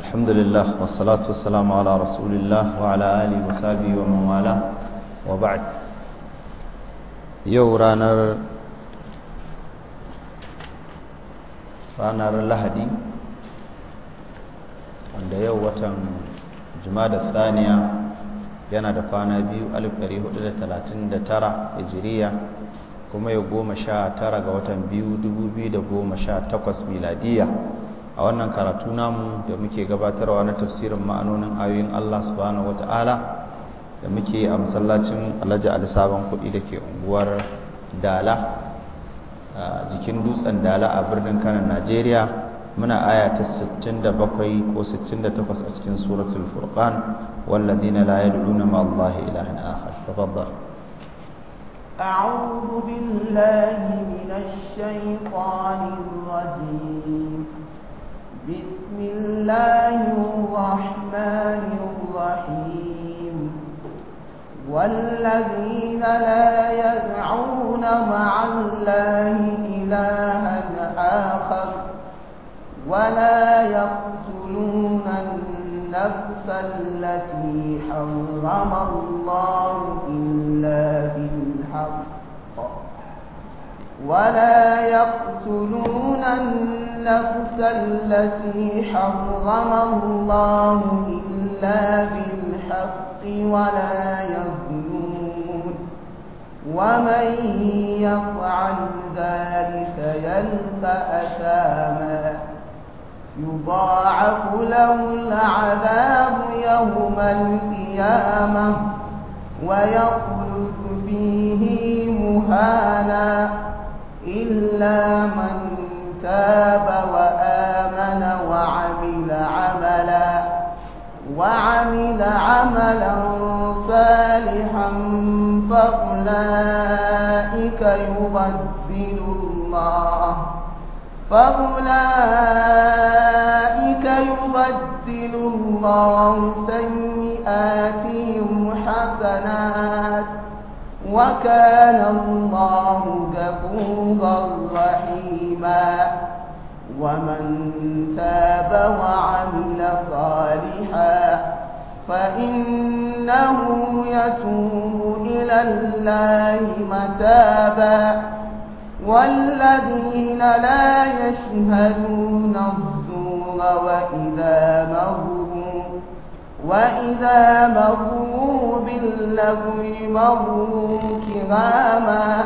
alhamdulillah wasalatu wasalamu ala rasulillah wa ala ali wa sabi wa mawala wa ba'd yau ranar lahadi wanda yau watan jumada thaniya yana da kwana biyu alif ɗari hudu da talatin da tara hijiriya kuma ya goma sha tara ga watan biyu dubu biyu goma sha takwas miladiyya a wannan karatu namu da muke gabatarwa na tafsirin ma'anonin ayoyin Allah subhanahu wata'ala da muke a masallacin Alhaji Ali Sabon Kuɗi da ke unguwar Dala a jikin dutsen Dala a birnin Kano Najeriya muna aya ta 67 ko 68 a cikin suratul Furqan والذين لا يدعون مع الله إلها آخر تفضل أعوذ بالله من الشيطان الرجيم بسم الله الرحمن الرحيم والذين لا يدعون مع الله إلها آخر ولا يقتلون النفس التي حرم الله إلا بالحق ولا يقتلون النفس التي حرم الله إلا بالحق ولا يظلمون ومن يفعل ذلك يلقى أثاما يضاعف له العذاب يوم القيامة ويخلد فيه مهانا إلا من تاب وآمن وعمل عملا وعمل عملا صالحا فأولئك يبدل الله فأولئك يبدل الله سيئاتهم حسنات وكان الله غفورا رحيما ومن تاب وعمل صالحا فإنه يتوب إلى الله متابا والذين لا يشهدون الزور وإذا مروا وإذا مروا باللغو مروا كراما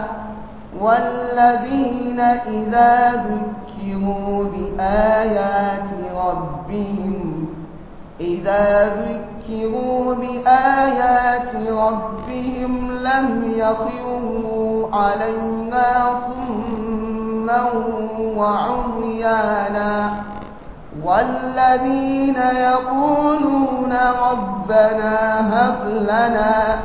والذين إذا ذكروا بآيات ربهم إذا ذكروا بآيات ربهم لم يخروا علينا صما وعميانا والذين يقولون ربنا هب لنا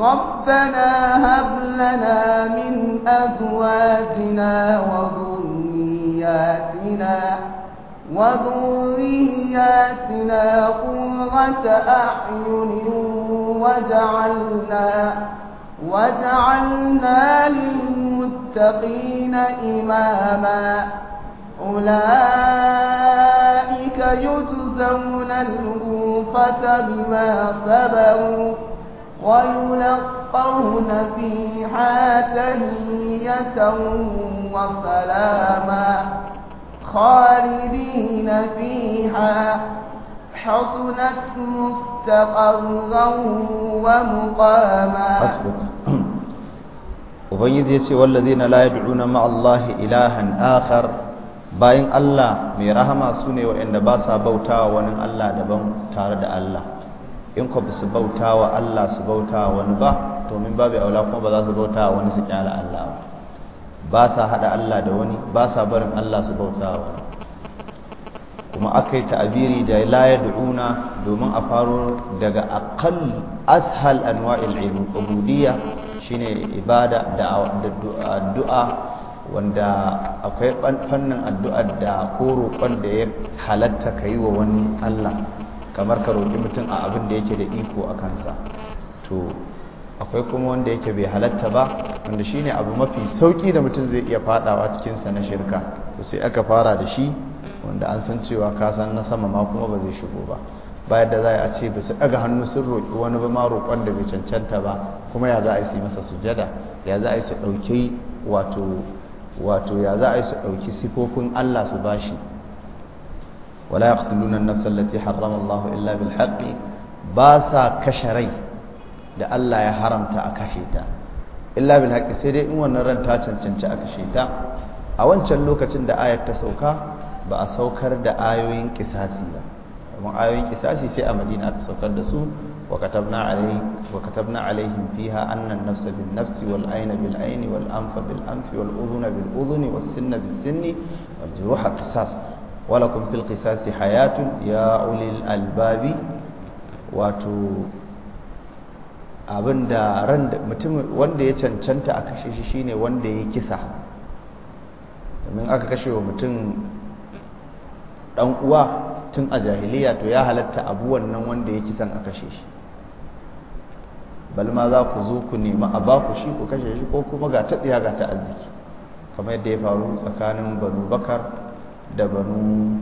ربنا هب لنا من أزواجنا وذرياتنا وذرياتنا قرة أعين وجعلنا وجعلنا للمتقين إماما أولئك يجزون الغرفة بما صبروا ويلقون فيها تهية وسلاما خالدين فيها حصنت مستقرا ومقاما Ubangiji ya والذين لا يدعون مع الله إلها آخر bayan Allah mai rahama su ne waɗanda ba sa bautawa wani Allah daban tare da Allah in ku su bautawa Allah su bautawa wani ba to min babu aula kuma ba za su bautawa wani su kyala Allah ba ba sa hada Allah da wani ba sa barin Allah su bautawa wani kuma aka yi ta'abiri da la yad'una domin a faro daga aqall ashal anwa'il shi shine ibada da addu'a wanda akwai fannin addu'ar da ko roƙon da ya halatta ka yi wa wani Allah kamar ka roƙi mutum a abin da yake da iko a kansa to akwai kuma wanda yake bai halatta ba wanda shi ne abu mafi sauƙi da mutum zai iya faɗawa cikinsa na shirka to sai aka fara da shi wanda an san cewa kasan na sama ma kuma ba zai shigo ba bayan da za a ce ba su ɗaga hannu sun roƙi wani ba ma roƙon da bai cancanta ba kuma ya za a yi su masa sujada ya za a yi su ɗauki wato wato ya za a yi su ɗauki sifofin Allah su bashi wala yaqtuluna an-nafsa allati harrama Allah illa bil haqqi ba sa kashe rai da Allah ya haramta a kashe ta illa bil haqqi sai dai in wannan ran ta cancanci a kashe ta a wancan lokacin da ayar ta sauka ba a saukar da ayoyin kisasi ba amma ayoyin kisasi sai a Madina ta saukar da su وكتبنا عليه وكتبنا عليهم فيها أن النفس بالنفس والعين بالعين والأنف بالأنف والأذن بالأذن والسن بالسن والجروح قصاص ولكم في القصاص حياة يا أولي الألباب واتو abin da mutum wanda ya cancanta a kashe shi shine wanda ya kisa domin aka kashe wa mutum dan uwa tun a jahiliya to ya halatta abu wannan wanda ya kisan a kashe shi bal ma za ku zo ku nema a baku shi ku kashe shi ko kuma ga ta tsiya ga ta arziki kamar yadda ya faru tsakanin banu bakar da banu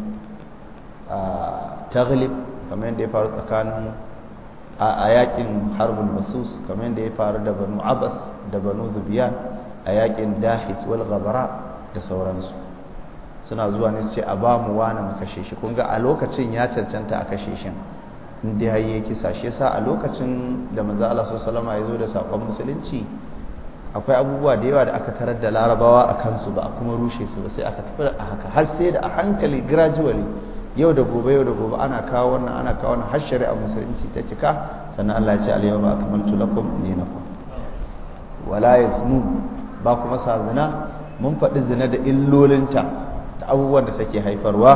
taghlib kamar yadda ya faru tsakanin a yakin harbul masus kamar yadda ya faru da banu abbas da banu zubiyan a yakin dahis wal gabara da sauransu suna zuwa ne su ce a ba mu wani mu kashe shi kun ga a lokacin ya cancanta a kashe shi da ya yi kisa shi sa a lokacin da manzo Allah sallallahu alaihi ya zo da sakon musulunci akwai abubuwa da yawa da aka tarar da larabawa a kansu ba a kuma rushe su ba sai aka tafi a haka har sai da a hankali gradually yau da gobe yau da gobe ana kawo wannan ana kawo wannan har shari'a musulunci ta cika sannan Allah ya ce al-yawma akmaltu lakum dinakum wala yasnu ba kuma sa zina mun faɗi zina da illolinta ta abubuwan da take haifarwa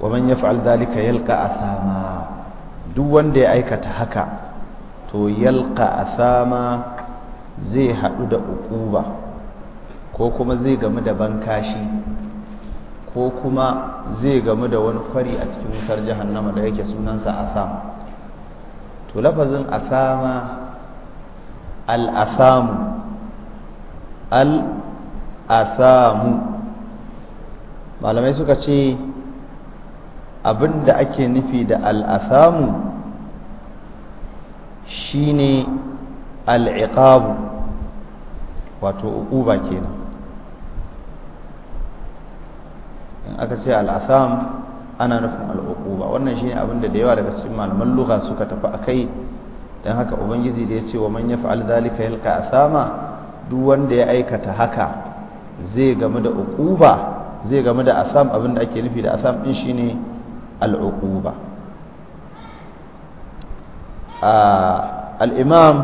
wa man yaf'al dhalika yalqa athama duk wanda ya aikata haka to yalka athama zai haɗu da ukuba ko kuma zai gamu da bankashi ko kuma zai gamu da wani kwari a cikin wutar jahannama da yake sunansa atham to lafazin athama al-athamu al malamai suka ce Abin da ake nufi da al'asamu shine al’iƙabu wato uquba kenan in aka ce al'asam ana nufin al'uquba wannan shine abin da yawa daga cikin malaman lura suka tafi a kai don haka ubangiji da ya ce wa manya fa’al zalika yalka a asama duk wanda ya aikata haka zai gamu da uquba zai gamu da asam abinda ake nufi da asam din shine al'uquba al'imam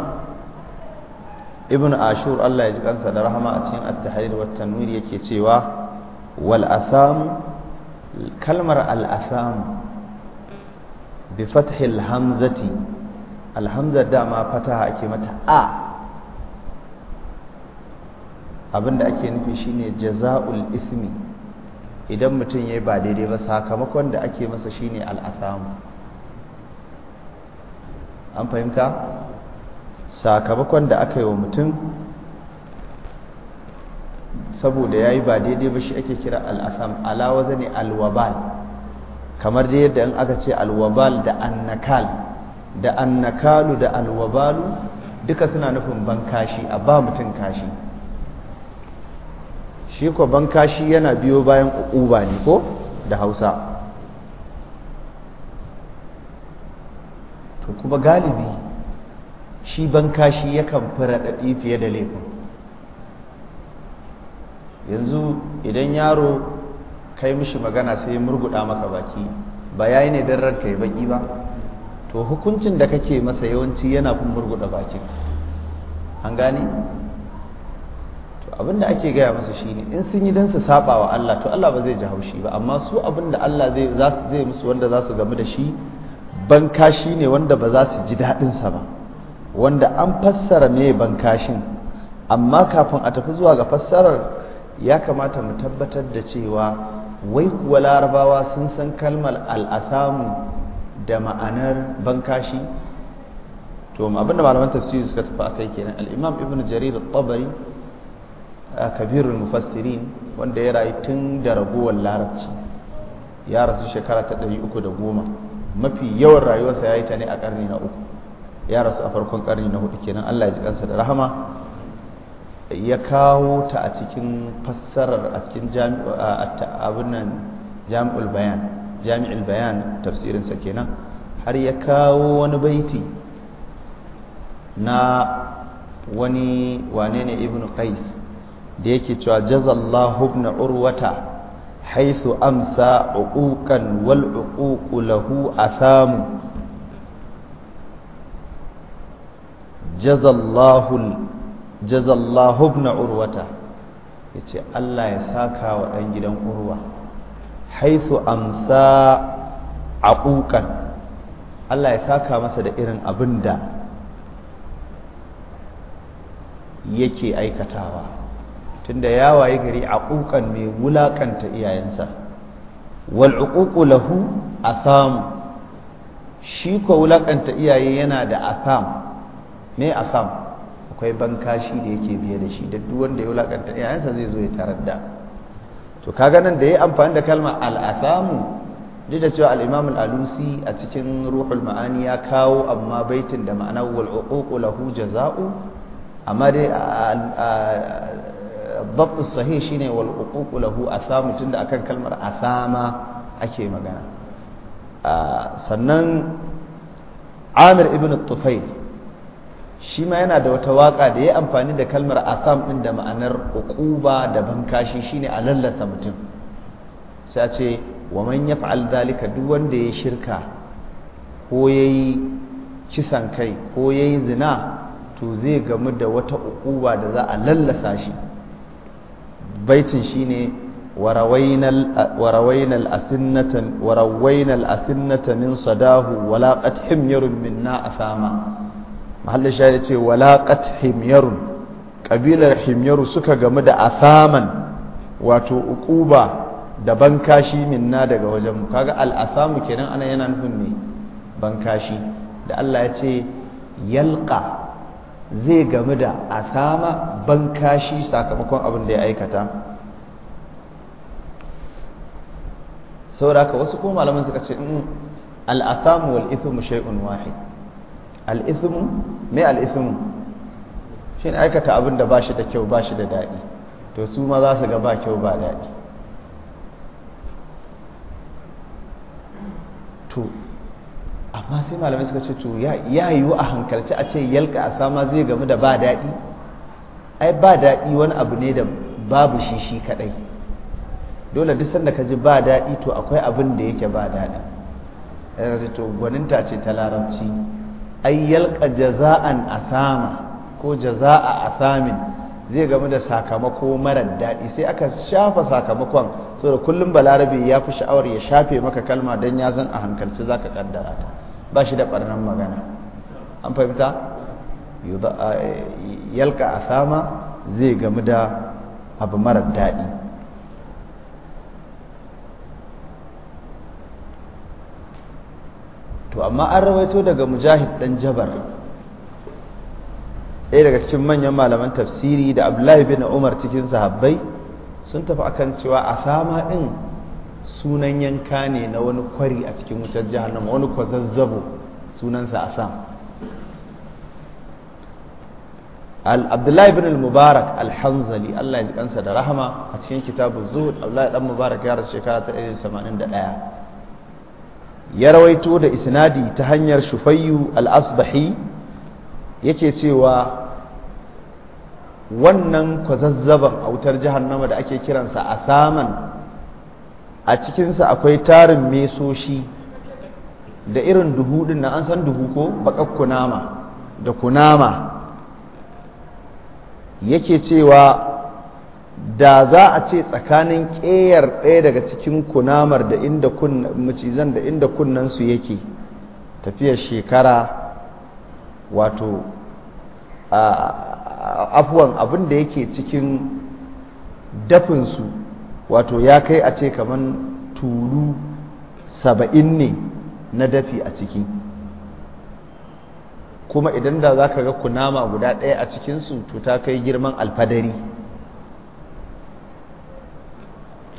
ibn ashur Allah ya ji kansa da rahama a cikin at-tahrir tanwir yake cewa wal kalmar al bi fathil hamzati al dama fataha ake mata a abinda ake nufi shine jazaul ismi idan mutum ya yi ba daidai ba sakamakon da ake masa shi ne al'afamu an fahimta sakamakon da aka yi wa mutum saboda ya yi ba daidai ba shi ake kira al'afam alawaza ne alwabal kamar dai yadda in aka ce alwabal da annakal da annakalu da alwabalu duka suna nufin ban kashi a ba mutum kashi shi banka bankashi yana biyo bayan uba ne ko da Hausa to kuma galibi shi bankashi yakan faraɗaɗi fiye da laifin yanzu idan yaro kai mishi magana sai ya murguɗa maka baki ba ya yi ne don ranka ya baki ba to hukuncin da kake masa yawanci yana kun murguɗa baki an gane abin da ake gaya masa shi ne in sun yi don su saba wa Allah to Allah ba zai ji haushi ba amma su da Allah zai za musu wanda za su gamu da shi bankashi ne wanda ba za su ji daɗinsa ba wanda an fassara mai bankashin amma kafin a tafi zuwa ga fassarar ya kamata mu tabbatar da cewa wai kuwa larabawa sun san kalmar al'athamu da ma'anar bankashi to abinda malaman tafsiri suka tafi kai kenan alimam Ibn jarir al tabari kabirul mufassirin wanda ya rayu tun da ragowar larabci ya rasu shekara ta ɗari da goma mafi yawan rayuwarsa ya yi ta ne a ƙarni na uku ya rasu a farkon karni na hudu kenan allah ya ji kansa da rahama ya kawo ta a cikin fassarar a cikin jami'ul bayan jami'ul bayan tafsirinsa kenan har ya kawo wani baiti na wani wane ne ibn qais da yake cewa jazallahu ibn urwata haythu amsa uquqan wal uququ lahu athamu jazallahu jazallahu ibn urwata yace Allah ya saka wa dan gidan urwa haythu amsa uquqan Allah ya saka masa da irin abinda yake aikatawa tunda ya waye gari aquqan mai wulaƙanta iyayensa wal lahu atham shi ko wulaƙanta iyaye yana da atham me atham akwai bankashi da yake biye da shi da duk wanda ya wulaƙanta iyayensa zai zo ya tarar da to kaga nan da yayi amfani da kalmar al athamu duk da cewa al-imam alusi a cikin ruhul ma'ani ya kawo amma baitin da ma'anar wal lahu jaza'u amma dai babbu sahih shine wal uququ lahu atham tunda akan kalmar athama ake magana sannan Amir ibn Tufayl shi ma yana da wata waka da ya amfani da kalmar asam din da ma'anar uquba da bankashi shine a lallasa mutum sai a ce wa man yaf'al dalika duk wanda ya shirka ko yayi kisan kai ko yayi zina to zai gamu da wata uquba da za a lallasa shi baitin shine warawaina al'asinnata min sadahu walaƙat himyarun min na a fama mahallin ya ce walaƙat himyarun ƙabilar himyaru suka gamu da asaman wato Ukuba da bankashi minna daga wajenmu kaga al'asamu kenan ana yana nufin ne bankashi da Allah ya ce yalƙa zai game da asama ban kashi sakamakon abin da ya aikata sauraka wasu ko malaman suka ce mm, al'athamu wal ithmu shay'un wahid al mai me shi ne aikata abin da ba shi da kyau ba shi da daɗi to su ma za su ga ba kyau ba daɗi amma sai malamai suka ce to ya yiwu a hankalci a ce yalka a sama zai gamu da ba daɗi ai ba daɗi wani abu ne da babu shi shi kaɗai dole duk sanda ka ji ba daɗi to akwai abin da yake ba daɗi yanzu to gwaninta ce ta larabci ai yalka jaza'an a sama ko jaza'a a samin. zai gamu da sakamako marar daɗi sai aka shafa sakamakon saboda kullum balarabe ya fi sha'awar ya shafe maka kalma don ya san a hankalci za ka kaddara ta ba shi da ɓarnan magana an fahimta yalka a sama zai gamu da abu marar daɗi to amma an rawaito daga mujahid ɗan jabar ɗaya daga cikin manyan malaman tafsiri da abdullahi bin umar cikin sahabbai sun tafi akan cewa a fama ɗin sunan yanka ne na wani kwari a cikin wutar jahannama wani kwazazzabo sunansa a sam abdullahi bin mubarak alhanzali allah ya ji kansa da rahama a cikin kitabu zuhud abdullahi dan mubarak ya rasu shekara ta 181 ya rawaito da isnadi ta hanyar shufayyu al-asbahi yake cewa wannan kwazazzaban a wutar jahannama da ake kiransa a saman a cikinsa akwai tarin mesoshi da irin duhu din na an san duhu ko baƙar kunama da kunama yake cewa da za a ce tsakanin ƙeyar ɗaya daga cikin kunamar da inda macizan da inda su yake tafiyar shekara wato afuwan abin da yake cikin dafinsu wato ya kai a ce kamar tulu saba'in ne na dafi a ciki kuma idan da za ka ga kunama guda ɗaya a cikinsu to ta kai girman alfadari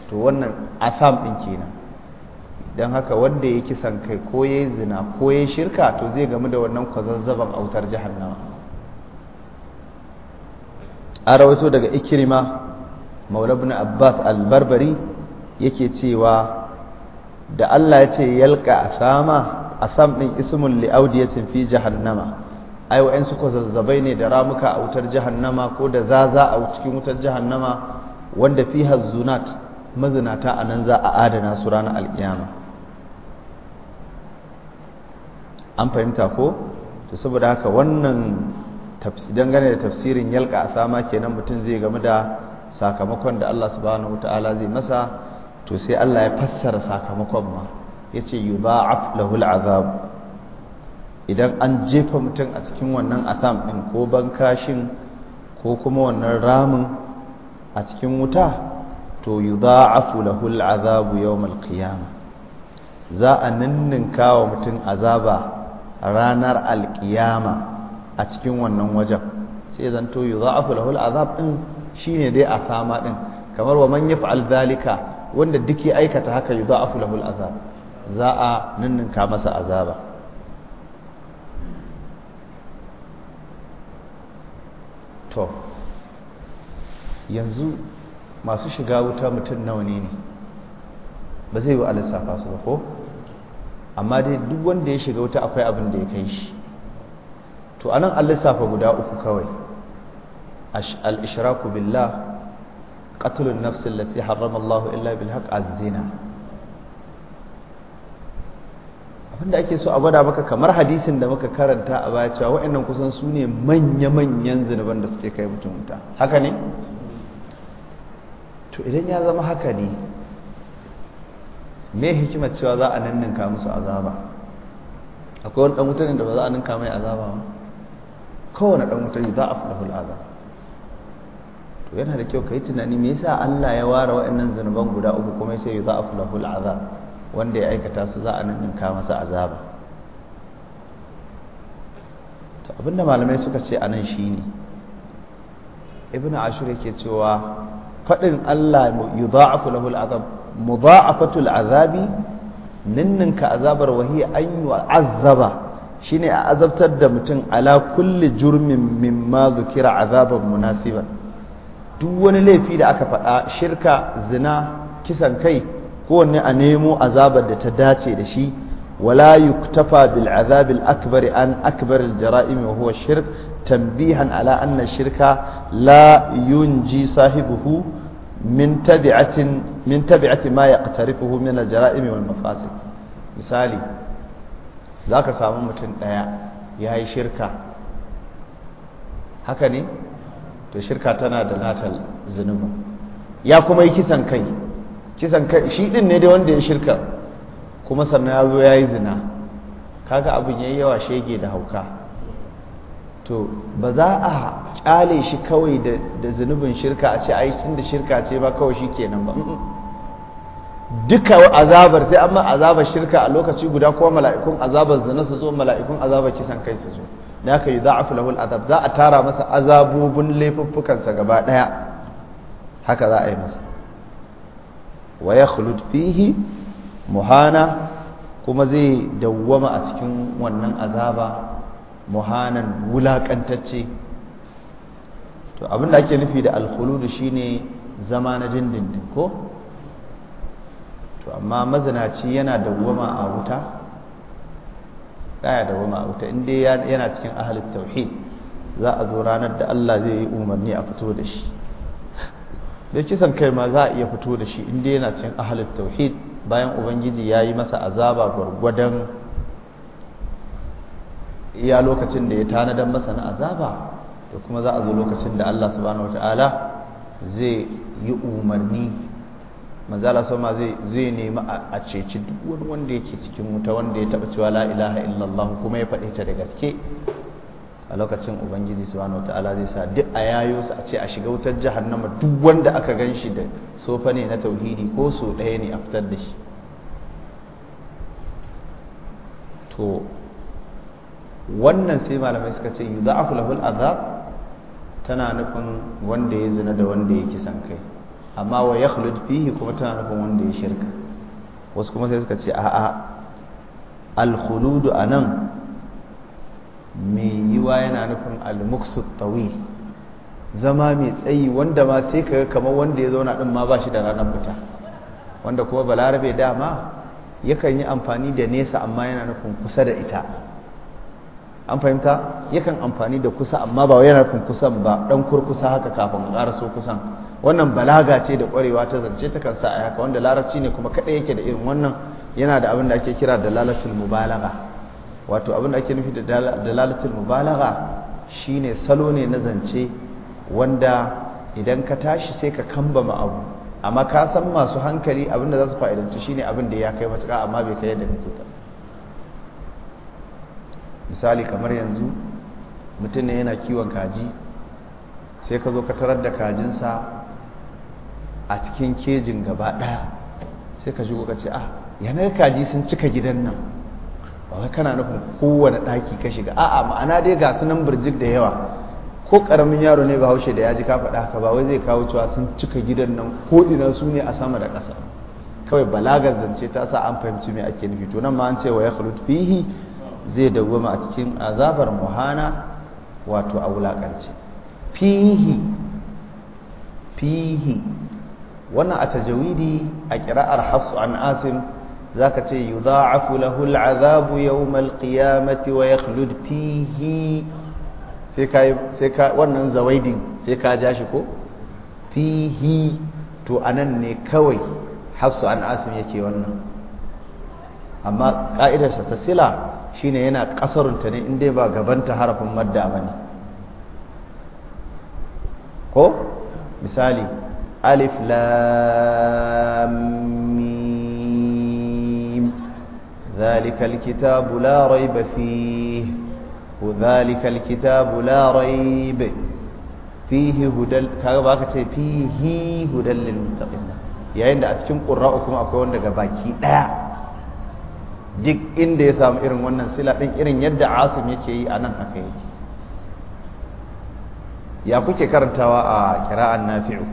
to wannan asam ɗin kenan don haka wanda ya kisan kai ko ya zina ko ya shirka to zai gamu da wannan kwazazzaban autar jahannama a rawaito daga ikirima maulabin abbas albarbari yake cewa da allah ya ce yalka a sama a sam ɗin ismun li'audiyacin fi jahannama ai su kwazazzabai ne da ramuka a wutar jahannama ko da zaza a cikin wutar jahannama wanda fi hazzunat mazinata a nan za a adana su ranar alkiyama an fahimta ko ta saboda haka wannan dangane da tafsirin yalka a sama kenan mutum zai game da sakamakon da Allah subhanahu wataala zai masa to sai Allah ya fassara sakamakon ma yace a lahul azab idan an jefa mutum a cikin wannan azam ɗin ko bankashin ko kuma wannan ramin a cikin wuta to yudha'afu lahul azabu yau za a ninninka wa mutum azaba ranar alkiyama a cikin wannan wajen sai zan yi za a fulahul azab ɗin shi ne dai a fama ɗin kamar wa manya yaf'al zalika wanda duk ya aikata haka yi za a fulahul azab za a ninninka masa azaba to yanzu masu shiga wuta mutum nawa ne ne ba zai yi wa alisafa su ba ko amma dai duk wanda ya shiga wuta akwai abin da ya kai shi to anan an lissafa guda uku kawai al-ishraku billah قتل النفس التي حرم الله إلا بالحق zina abinda ake so a gwada maka kamar hadisin da muka karanta a baya cewa waɗannan kusan su ne manya-manyan zunuban da suke kai mutum wuta haka ne to idan ya zama haka ne me hikimar cewa za a ninka musu azaba akwai wani dan mutane da ba za a ninka mai azaba ba kowane dan mutane za a fadahul azaba to yana da kyau ka yi tunani me yasa Allah ya ware waɗannan zanuban guda uku kuma ya ce za a fadahul azaba wanda ya aikata su za a ninka masa azaba to abinda malamai suka ce anan ne. ibnu ashur yake cewa fadin Allah yudha'afu lahul azab mudha'afatul azabi ninninka azabar wahi an azaba shine a azabtar da mutum ala kulli jurmin mimma zukira azaban munasiban duk wani laifi da aka faɗa shirka zina kisan kai kowanne a nemo azabar da ta dace da shi wala yuktafa bil azabil akbar an akbar al jara'im wa huwa shirk tanbihan ala anna shirka la yunji sahibuhu min تبعة من تبعة ما يقترفه من الجرائم والمفاسد wal ذاك misali zaka samu mutum daya yayi shirka haka ne to shirka tana da latal zunuba ya kuma yi kisan kai kisan kai shi din ne dai wanda ya shirka kuma sannan ya zo yayi zina kaga abin yi yawa shege da hauka to ba za a kyale shi kawai da zunubin shirka a ce ai da shirka ce ba kawai shi kenan ba duka azabar sai amma azabar shirka a lokaci guda kuma mala'ikun azabar zina su zo mala'ikun azabar kisan kai su zo da aka yi za'afu lahul azab za a tara masa azabobin laifuffukansa gaba ɗaya. haka za a yi masa wa ya fihi muhana kuma zai dawwama a cikin wannan azaba muhanan wulakantacce to abinda ake nufi da alkhuludu shine zama na dindindin ko to amma mazinaci yana dawwama a wuta da dawwama a wuta inda yana cikin ahalin tauhid za a zo ranar da Allah zai yi umarni a fito da shi da kisan kai ma za a iya fito da shi inda yana cikin ahalin tauhid bayan ubangiji ya yi masa azaba gwargwadon iya lokacin da ya tanadar masa na azaba da kuma za a zo lokacin da Allah subhanahu wataala zai yi umarni manzala sama zai nemi a ceci duk wani wanda yake cikin wuta wanda ya taba cewa la ilaha illallah kuma ya faɗi ta da gaske a lokacin ubangiji subhanahu wataala zai sa duk a yayo su a ce a shiga wutar jahannama duk wanda aka gan shi da sofa ne na tauhidi ko so ɗaya ne a fitar da shi to wannan sai malamai suka ce yi kula hul azab tana nufin wanda ya zina da wanda ya kisan kai amma wa yakhlud fihi kuma tana nufin wanda ya shirka wasu kuma sai suka ce a'a al a nan mai yiwa yana nufin almuksu muqsut tawil zama mai tsayi wanda ma sai kaga kamar wanda ya zauna ɗin ma ba shi da ranar fita wanda kuma balarabe dama yakan yi amfani da nesa amma yana nufin kusa da ita an fahimta yakan amfani da kusa amma ba yana kun kusan ba dan kurkusa haka kafin ka ƙara so kusan wannan balaga ce da ƙwarewa ta zance ta kan sa a haka wanda larabci ne kuma kaɗai yake da irin wannan yana da abin da ake kira dalalatul mubalaga wato abin da ake nufi da dalalatul mubalaga shine salo ne na zance wanda idan ka tashi sai ka kambama abu amma ka san masu hankali abin da za su fa'idantu shine abin da ya kai matuƙa amma bai kai yadda kake ta misali kamar yanzu mutum ne yana kiwon kaji sai ka zo ka tarar da kajinsa a cikin kejin gaba ɗaya sai ka shigo ka ce ah yanar kaji sun cika gidan nan ba wai kana nufin kowane ɗaki ka shiga a'a ma'ana dai ga su nan birjik da yawa ko ƙaramin yaro ne ba haushe da ya ji ka faɗa haka ba wai zai kawo cewa sun cika gidan nan ko su ne a sama da ƙasa kawai balagar zance ta sa an fahimci me ake nufi to nan ma an ce wa ya fihi zai dawwama a cikin azabar muhana wato a wulaƙance fihi fihi wannan a tajawidi a ƙira'ar hafsu an asim za ka ce yi za'afu lahul azabu yau malƙiyamati wa ya fihi sai ka wannan zawaidin sai ka ja shi ko fihi to anan ne kawai hafsu an asim yake wannan amma ƙa’idarsa ta sila shine yana kasarunta ne in dai ba gabanta harafin madda ba ne ko misali alif lam mim zalika alkitabu la raiba fi zalika alkitabu la raiba fihi hudal kaga baka ce fihi hudal lil muttaqin yayin da a cikin qur'a kuma akwai wanda ga baki daya duk inda ya samu irin wannan sila ɗin irin yadda asim yake yi a nan haka yake ya kuke karantawa a kira'an nafi'u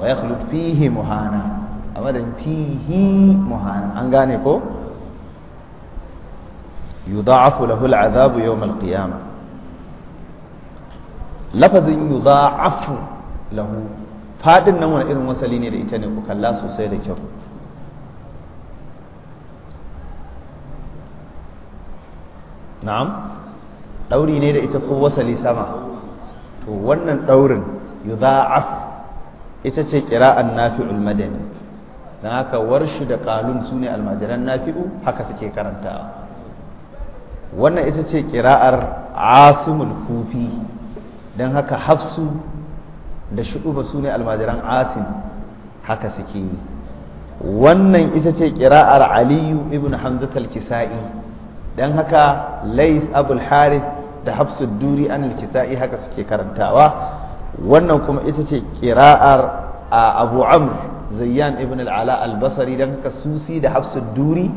wa ya fihi muhana a madan fihi muhana an gane ko yudha'afu lahu al'azabu yawm al-qiyamah lafazin yudha'afu lahu fadin nan wani irin wasali ne da ita ne ku kalla sosai da kyau na'am ɗauri ne da ita ko wasali sama to wannan ɗaurin yudha'af ita ce qira'an nafi'ul madani dan haka warshi da qalun sune almajiran nafi'u haka suke karantawa wannan ita ce qira'ar asimul kufi dan haka hafsu da ba sune almajiran asim haka suke wannan ita ce qira'ar aliyu ibn hamzatul kisai dan haka lais abul harith da hafsud duri an kisai haka suke karantawa wannan kuma ita ce a abu amr zayyan ibn al-ala al-basri dan haka susi da hafsud duri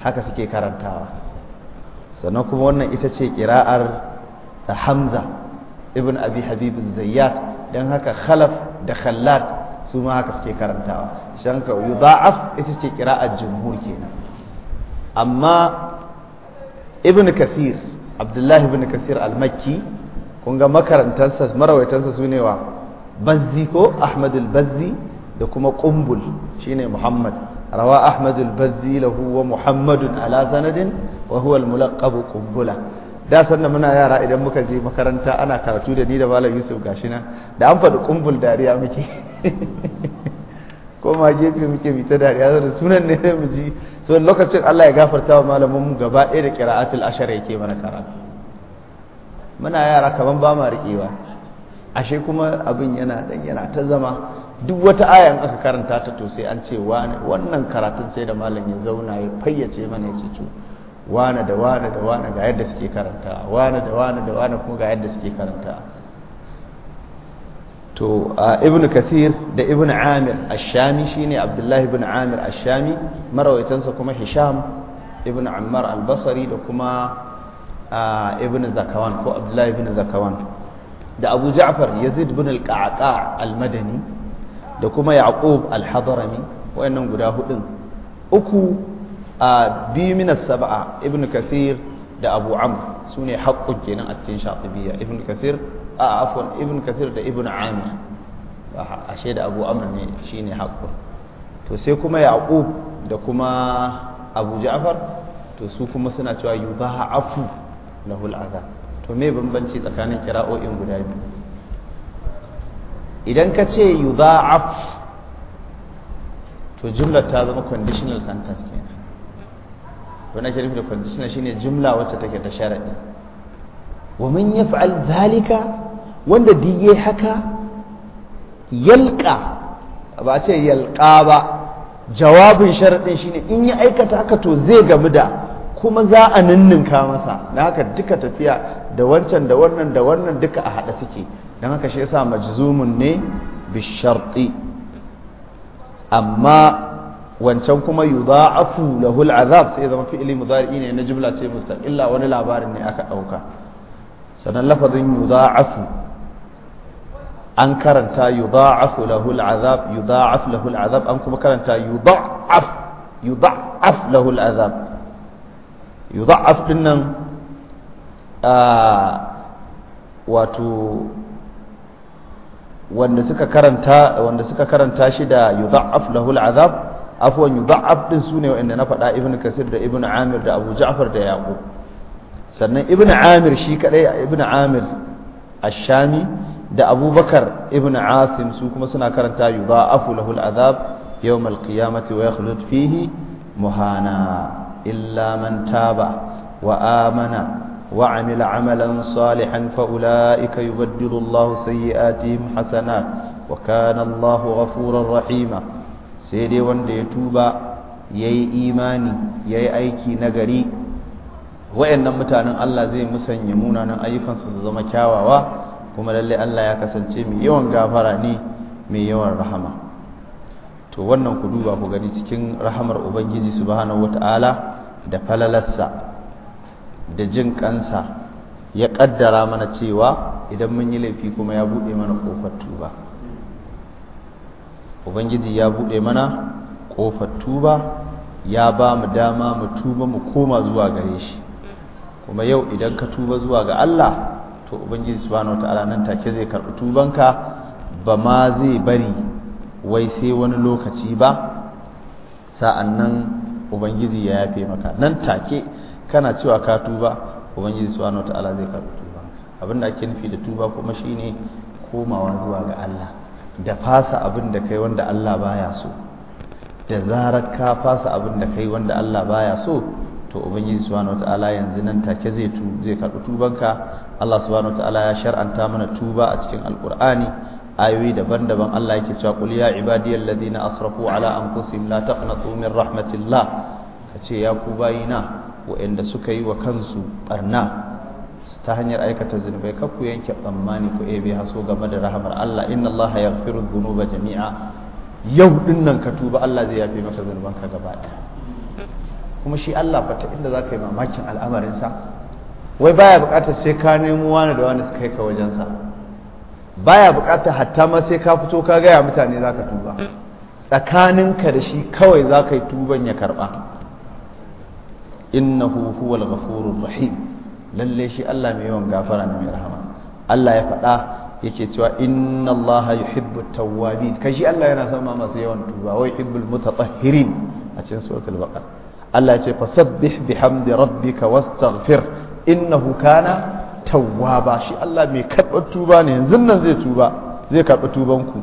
haka suke karantawa sannan kuma wannan ita ce da hamza ibn abi habib zayyat dan haka khalaf da khallat su ma haka suke karantawa shanka yudha'af ita ce qira'ar jumhur kenan amma ibn kasir abdullahi ibn kasir al-makki kun ga makarantarsa marawaitarsa su ne wa bazzi ko al bazzi da kuma kumbul shine muhammad rawa al bazzi lahu wa muhammadun ala sanadin wa huwa al-mulaqqab qumbula da sanda muna yara idan muka je makaranta ana karatu da ni da malam yusuf gashina da an faɗi kumbul dariya muke ko ma gefe muke bi ta dariya sunan ne na muji so lokacin Allah ya gafarta wa malamin mu gaba ɗaya da qira'atul ashar yake mana karatu muna yara kaman ba ma riƙewa ashe kuma abin yana dan yana ta zama duk wata ayan aka karanta ta to sai an ce wani wannan karatun sai da malam ya zauna ya fayyace mana ya ce to wani da wani da wani ga yadda suke karanta wani da wani da wani kuma ga yadda suke karanta to ibn kathir da ibn amir ashami shine abdullahi ibn amir ashami marawaitansa kuma hisham ibn ammar albasari da kuma ibn zakawan ko abdullahi ibn zakawan da abu ja'far yazid ibn al-qaqa al-madani da kuma yaqub al-hadrami wayannan guda hudun uku a biyu minas saba'a ibn kathir da abu amr sune haqqun kenan a cikin shatibiyya ibn kathir a ah, afon ibn kasir da ibn amir ah, ashe da abu amr ne shine haqqun to sai kuma yaqub da kuma abu ja'far to su kuma suna cewa yubaha afu na hul'aga to me bambanci tsakanin kira'o'in guda biyu idan ka ce afu to jumlar ta zama conditional sentence ne wani ake nufin da conditional shine jumla wacce take ta sharaɗi wa يفعل ذلك wanda diye haka yalka ba ce yalka ba jawabin sharaɗin shine in ya aikata haka to zai gamu da kuma za a ninninka masa naka haka duka tafiya da wancan da wannan da wannan duka a haɗa suke don haka shi yasa majzumun ne bisharti amma wancan kuma yudha'afu lahu al'azab sai zama fi'ili mudari'i ne na jumla ce mustaqilla wani labarin ne aka ɗauka. sanan lafazin yudha'afu an karanta yudha'afu lahu al'azab yudha'af lahu al'azab an kuma karanta yudha'af yudha'af lahu al'azab yudha'af din nan wato wanda suka karanta wanda suka karanta shi da yudha'af lahu al'azab afwan yudha'af din sune wanda na faɗa ibnu kasir da ibnu amir da abu ja'far da yaqub sannan ibnu amir shi kadai ibnu amir ash-shami da abubakar ibn asim su kuma suna karanta yi za a fulahul azab yau malkiyamati wa ya fihi muhana illa man taba wa amana wa amila amalan salihan fa'ula'ika yi baddilullahu sayi'atihim hasanat wa kana allahu ghafuran rahima sai dai wanda ya tuba ya yi imani ya yi aiki nagari wa'annan mutanen allah zai musanya munanan ayyukansu su zama kyawawa kuma lalle Allah ya kasance mai yawan gafara ne mai yawan rahama to wannan ku duba ku gani cikin rahamar ubangiji subhanahu wataala da falalarsa da jin kansa ya kaddara mana cewa idan mun yi laifi kuma ya bude mana kofar tuba ubangiji ya bude mana kofar tuba ya ba mu dama mu tuba mu koma zuwa gare shi kuma yau idan ka tuba zuwa ga Allah to ubangiji subhanahu wataala nan take zai karɓi tubanka ba ma zai bari wai sai wani lokaci ba sa'annan ubangiji ya yafe maka nan take kana cewa ka tuba ubangiji subhanahu wataala zai karɓi tubanka abin da ake nufi da tuba kuma shine komawa zuwa ga Allah da fasa abin da kai wanda Allah baya so da zarar ka fasa abin da kai wanda Allah baya so to ubangiji subhanahu wataala yanzu nan take zai tu zai karbi tubanka Allah subhanahu wataala ya shar'anta mana tuba a cikin alqur'ani ayoyi daban-daban Allah yake cewa qul ya na asrafu ala anfusihim la taqnatu min rahmatillah kace ya ku bayina waɗanda suka yi wa kansu barna ta hanyar aikata zunubai kar ku yanke tsammani ku ebe haso game da rahamar Allah inna Allah yaghfiru dhunuba jami'a yau dinnan ka tuba Allah zai yafe maka zunubanka gaba ɗaya kuma shi Allah ba ta inda za ka yi mamakin al'amarinsa wai baya buƙatar sai ka nemo wani da wani kai ka wajensa baya bukatar hatta ma sai ka fito ka gaya mutane za ka tuba tsakaninka da shi kawai za ka yi tuban ya karɓa innahu huwal ghafurur rahim lalle shi Allah mai yawan gafara ne mai rahama Allah ya faɗa yake cewa inna Allah yuhibbut tawwabin shi Allah yana son ma masu yawan tuba wa yuhibbul mutatahhirin a cikin suratul baqara Allah ya ce fasabbih bihamdi rabbika wastaghfir innahu kana tawwaba shi Allah mai karɓar tuba ne yanzu nan zai tuba zai karɓi tuban ku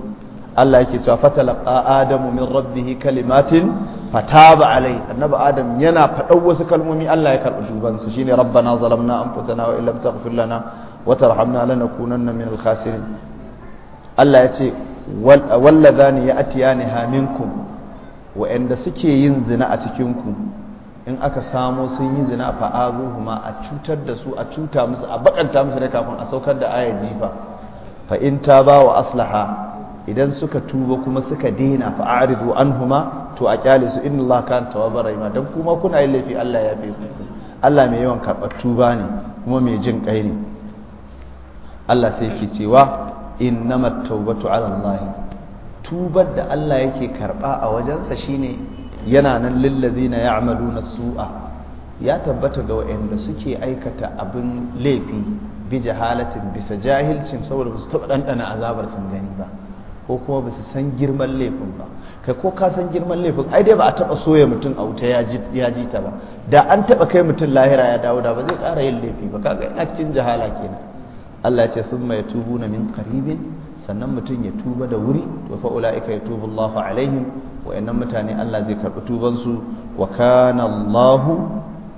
Allah yake cewa fatalaqa adamu min rabbihi kalimatin fataba alai annabi adam yana faɗan wasu kalmomi Allah ya karɓi tuban su shine rabbana zalamna anfusana wa illam taghfir lana wa tarhamna lanakunanna min al Allah ya ce walladhani ya'tiyaniha minkum wa'anda suke yin zina a cikin ku in aka samo sun yi zina fa'azuhuma a cutar da su a cuta musu a bakanta musu da kafin a saukar da ayar jifa fa in ba wa aslaha idan suka tuba kuma suka daina fa'aridu anhuma to a kyale su inna Allah kan tawabar rahima dan kuma kuna yin laifi Allah ya fi ku Allah mai yawan karɓar tuba ne kuma mai jin kai ne Allah sai yake cewa innamat tawbatu ala Allah tubar da Allah yake karɓa a wajensa shine yana nan ya amalu na su'a ya tabbata ga waɗanda suke aikata abin laifi bi jahalatin bisa jahilcin saboda ba su taɓa ɗanɗana azabar sun gani ba ko kuma ba su san girman laifin ba kai ko ka san girman laifin ai dai ba a taɓa soya mutum a wuta ya ji ta ba da an taɓa kai mutum lahira ya dawo da ba zai ƙara yin laifi ba kaga ina cikin jahala kenan Allah ya ce sun mai tubu na min karibin sannan mutum ya tuba da wuri wa ika ya tubu Allahu alaihim wa'annan mutane Allah zai karbi tubansu wakanallahu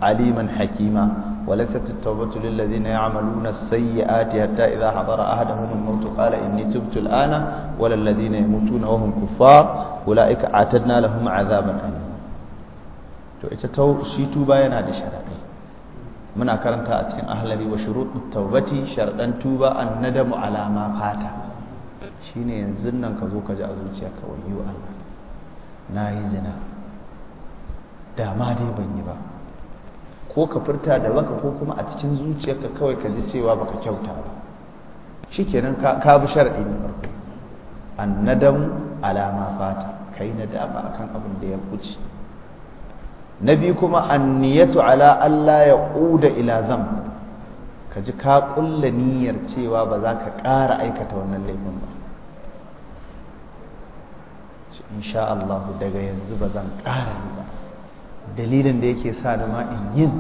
aliman hakima walaysat at-tawbatu lil ladina ya'maluna as-sayyi'ati hatta a hadara ahaduhum al-maut qala inni tubtu al-ana wa lil ladina yamutuna wa hum kuffar ulaika atadna lahum adhaban alim to ita taw tuba yana da sharadi muna karanta a cikin ahlali wa shurut at-tawbati tuba an nadamu ala ma fata shine yanzun nan ka zo ka ji a zuciyarka wayyu Allah na yi zina da ma dai ban yi ba ko ka furta da waka ko kuma a cikin zuciyarka kawai ka ji cewa baka kyauta ba shi kenan ka bi shar'i na farko an nadamu alama fata kai a akan abin da ya wuce na biyu kuma an niyatu ala Allah ya ƙuda ila zam ka ji ka ƙulla niyyar cewa ba za ka ƙara aikata wannan laifin ba in sha Allah daga yanzu ba zan ƙara yi ba dalilin da yake sa da ma in yin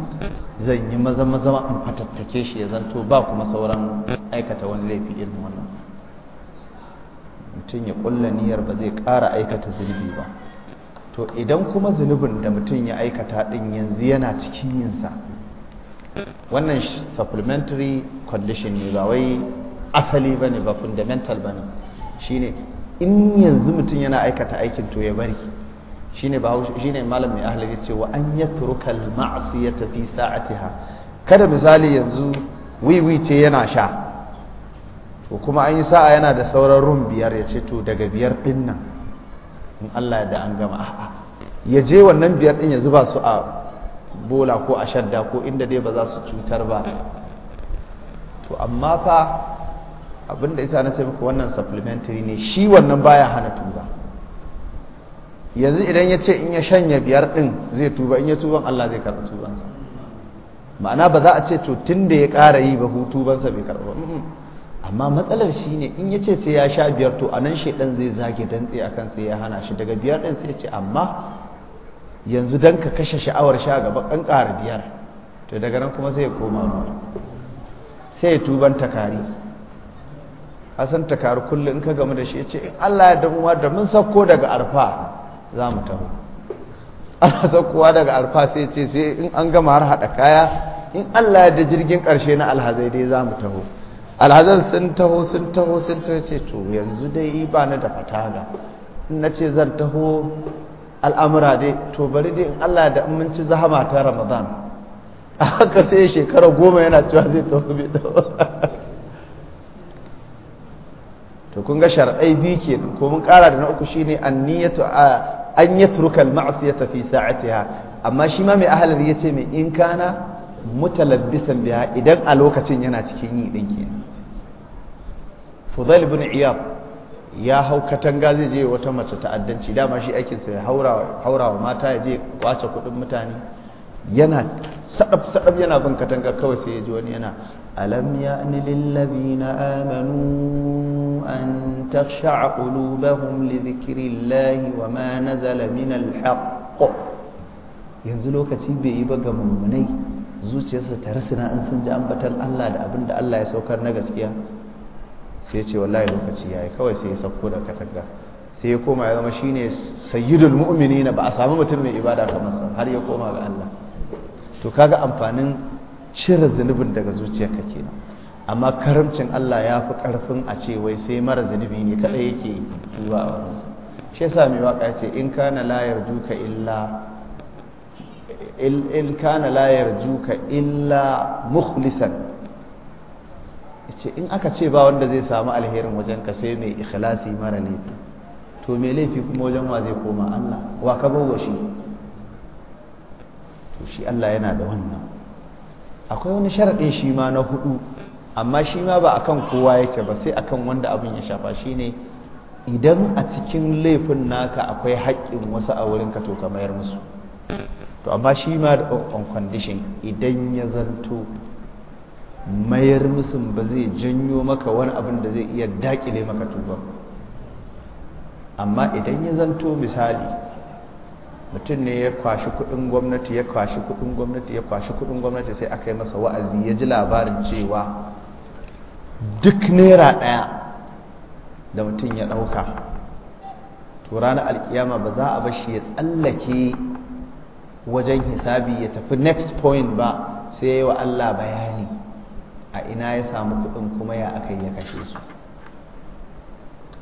zan yi maza maza in fatattake shi ya zanto ba kuma sauran aikata wani laifi irin wannan mutum ya ƙulla niyyar ba zai ƙara aikata zunubi ba to idan kuma zunubin da mutum ya aikata ɗin yanzu yana cikin yinsa wannan supplementary condition ne ba wai asali ba ne ba fundamental ba ne shi ne in yanzu mutum yana aikata aikin to ya bari shine ne malam mai ahlali cewa wa an yatruka al ma'siyata fi sa'atiha kada misali yanzu wiwi ce yana sha to kuma an yi sa'a yana da sauran rum biyar ya to daga biyar din nan in Allah da an gama a'a ya je wannan biyar din ya zuba su a bola ko a shadda ko inda dai ba za su cutar ba to amma fa abinda isa na ce muku wannan supplementary ne shi wannan baya hana tuba yanzu idan ya ce in ya shanya biyar din zai tuba in ya tuban Allah zai karɓi tubansa ma'ana ba za a ce to tun da ya ƙara yi ba hu tubansa bai karɓa amma matsalar shi ne in ya ce sai ya sha biyar to anan shaidan zai zage dantse a kan sai ya hana shi daga biyar din sai ya ce amma yanzu dan ka kashe sha'awar sha gaba ɗan ƙara biyar to daga nan kuma sai ya koma sai ya tuban takari hasan takaru kullum in ka gamu da shi ya ce in eh, Allah ya damuwa da mun sauko daga arfa za mu taho Allah saukowa daga arfa sai ce sai in an gama har haɗa kaya in Allah ya da jirgin ƙarshe na alhazai dai za mu taho alhazan sun taho sun taho sun taho ce to yanzu dai ba ni da fataga in na ce zan taho al'amura dai to bari dai in Allah ya da in ci zahama ta ramadan a haka sai shekara goma yana cewa zai taho bai taho to kun ga sharɗai biyu kenan ko mun ƙara da na uku shine anniyatu a an yatruka al-ma'siyata fi sa'atiha amma shi ma mai ahalin ce mai in kana mutalabbisan biya idan a lokacin yana cikin yi din ke Fudail ibn Iyab ya hau katanga zai je wata mace ta'addanci dama shi aikinsa ya haura wa mata ya je kwace kuɗin mutane yana sadab sadab yana bin katanga kawai sai ya ji wani yana alam ni lillabi na amanu an li wa ma na zalamin alhaƙo yanzu lokaci bai yi ba ga mummunai zuciyarsa ta na an sun ji ambatan Allah da abin da Allah ya saukar na gaskiya sai ce wallahi lokaci ya yi kawai sai ya sauko da katanga sai ya koma ya zama shine sayyidul mu'minina ba a samu mutum mai ibada kamar sa har ya koma ga Allah to kaga amfanin cire zunubin daga zuciyarka kenan amma karamcin Allah ya fi karfin a ce wai sai mara zunubi ne kaɗai yake tuba a wurinsa shi yasa mai waka ya ce in kana layar yarjuka illa in illa mukhlisan ce in aka ce ba wanda zai samu alherin wajen ka sai mai ikhlasi mara laifi to mai laifi kuma wajen wa zai koma Allah wa ka bawa shi to shi Allah yana da wannan akwai wani sharaɗin shi ma na hudu amma shi ma ba akan kowa yake ba sai akan wanda abin ya shafa shi ne idan a cikin laifin naka akwai haƙƙin wasu a wurin ka to ka mayar musu to amma shi ma da on condition idan ya zanto mayar musu ba zai janyo maka wani abin da zai iya dakile maka tuba amma idan ya zanto misali mutum ne ya kwashi kudin gwamnati ya kwashi kudin gwamnati ya kwashi kudin gwamnati sai aka yi masa wa'azi ya ji labarin cewa duk naira daya da mutum ya dauka to ranar alkiyama ba za a bashi ya tsallake wajen hisabi ya tafi next point ba sai ya yi wa Allah bayani a ina ya samu kudin kuma ya aka yi ya kashe su